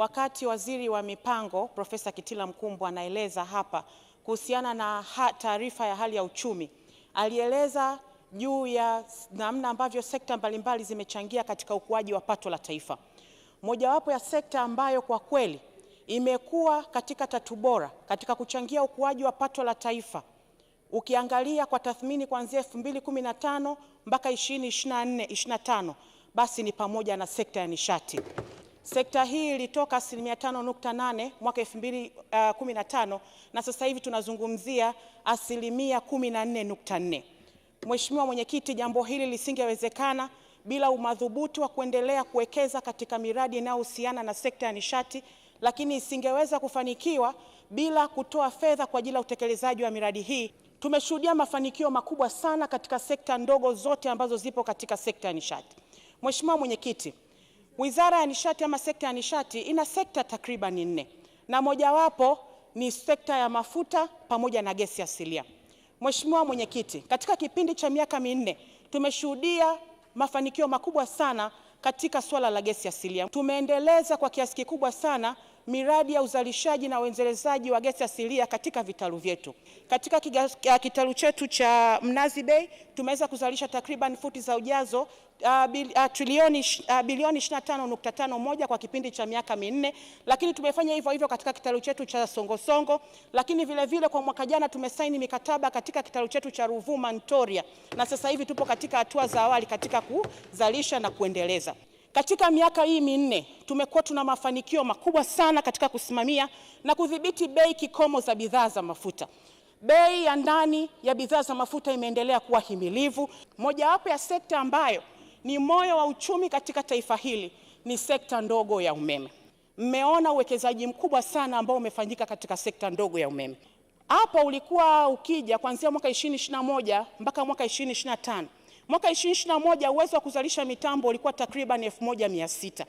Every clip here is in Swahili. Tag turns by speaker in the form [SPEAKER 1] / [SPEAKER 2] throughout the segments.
[SPEAKER 1] wakati waziri wa mipango Profesa Kitila Mkumbo anaeleza hapa kuhusiana na taarifa ya hali ya uchumi, alieleza juu ya namna ambavyo sekta mbalimbali zimechangia katika ukuaji wa pato la taifa. Mojawapo ya sekta ambayo kwa kweli imekuwa katika tatu bora katika kuchangia ukuaji wa pato la taifa ukiangalia kwa tathmini kuanzia 2015 mpaka 2024 25 basi ni pamoja na sekta ya nishati. Sekta hii ilitoka asilimia 5.8 mwaka 2015 uh, na sasa hivi tunazungumzia asilimia 14.4. Mheshimiwa Mwenyekiti, jambo hili lisingewezekana bila umadhubuti wa kuendelea kuwekeza katika miradi inayohusiana na sekta ya nishati, lakini isingeweza kufanikiwa bila kutoa fedha kwa ajili ya utekelezaji wa miradi hii. Tumeshuhudia mafanikio makubwa sana katika sekta ndogo zote ambazo zipo katika sekta ya nishati. Mheshimiwa Mwenyekiti, Wizara ya Nishati ama sekta ya nishati ina sekta takriban nne na mojawapo ni sekta ya mafuta pamoja na gesi asilia. Mheshimiwa Mwenyekiti, katika kipindi cha miaka minne tumeshuhudia mafanikio makubwa sana katika swala la gesi asilia. Tumeendeleza kwa kiasi kikubwa sana miradi ya uzalishaji na uendelezaji wa gesi asilia katika vitalu vyetu. Katika kitalu chetu cha Mnazi Bay tumeweza kuzalisha takriban futi za ujazo Uh, trilioni, uh, bilioni 25.51 kwa kipindi cha miaka minne, lakini tumefanya hivyo hivyo katika kitalu chetu cha Songosongo -songo, lakini vile vile kwa mwaka jana tumesaini mikataba katika kitalu chetu cha Ruvuma Ntoria, na sasa hivi tupo katika hatua za awali katika kuzalisha na kuendeleza katika miaka hii minne tumekuwa tuna mafanikio makubwa sana katika kusimamia na kudhibiti bei kikomo za bidhaa za mafuta. Bei ya ndani ya bidhaa za mafuta imeendelea kuwa himilivu. Mojawapo ya sekta ambayo ni moyo wa uchumi katika taifa hili ni sekta ndogo ya umeme. Mmeona uwekezaji mkubwa sana ambao umefanyika katika sekta ndogo ya umeme. Hapo ulikuwa ukija kuanzia mwaka 2021 mpaka mwaka 2025 Mwaka 2021 uwezo wa kuzalisha mitambo ulikuwa takriban 1600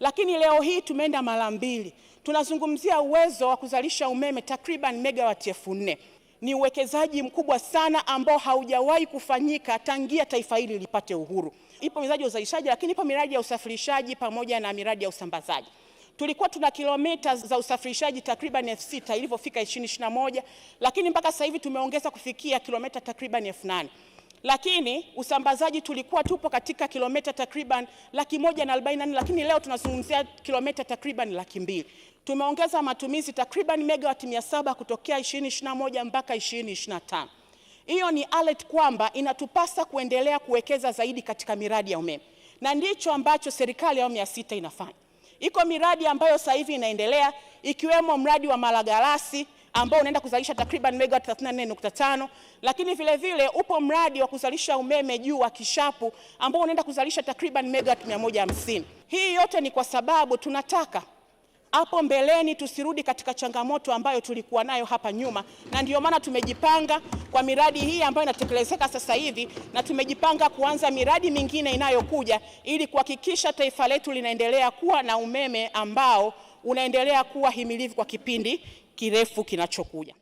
[SPEAKER 1] lakini leo hii tumeenda mara mbili. Tunazungumzia uwezo wa kuzalisha umeme takriban megawati elfu nne. Ni uwekezaji mkubwa sana ambao haujawahi kufanyika tangia taifa hili lipate uhuru. Ipo miradi ya uzalishaji, lakini ipo miradi ya usafirishaji pamoja na miradi ya usambazaji. Tulikuwa tuna kilomita za usafirishaji takriban elfu sita ilivyofika 2021 lakini mpaka sasa hivi tumeongeza kufikia kilomita takriban elfu nane lakini usambazaji tulikuwa tupo katika kilomita takriban laki moja na arobaini na nne lakini leo tunazungumzia kilomita takriban laki mbili. Tumeongeza matumizi takriban megawati mia saba kutokea 2021 mpaka 2025. Hiyo ni alert kwamba inatupasa kuendelea kuwekeza zaidi katika miradi ya umeme na ndicho ambacho serikali ya awamu ya sita inafanya. Iko miradi ambayo sasa hivi inaendelea ikiwemo mradi wa Malagarasi ambao unaenda kuzalisha takriban mega 34.5, lakini vile vile upo mradi wa kuzalisha umeme juu wa Kishapu ambao unaenda kuzalisha takriban mega 150. Hii yote ni kwa sababu tunataka hapo mbeleni tusirudi katika changamoto ambayo tulikuwa nayo hapa nyuma, na ndio maana tumejipanga kwa miradi hii ambayo inatekelezeka sasa hivi, na tumejipanga kuanza miradi mingine inayokuja ili kuhakikisha taifa letu linaendelea kuwa na umeme ambao unaendelea kuwa himilivu kwa kipindi kirefu kinachokuja.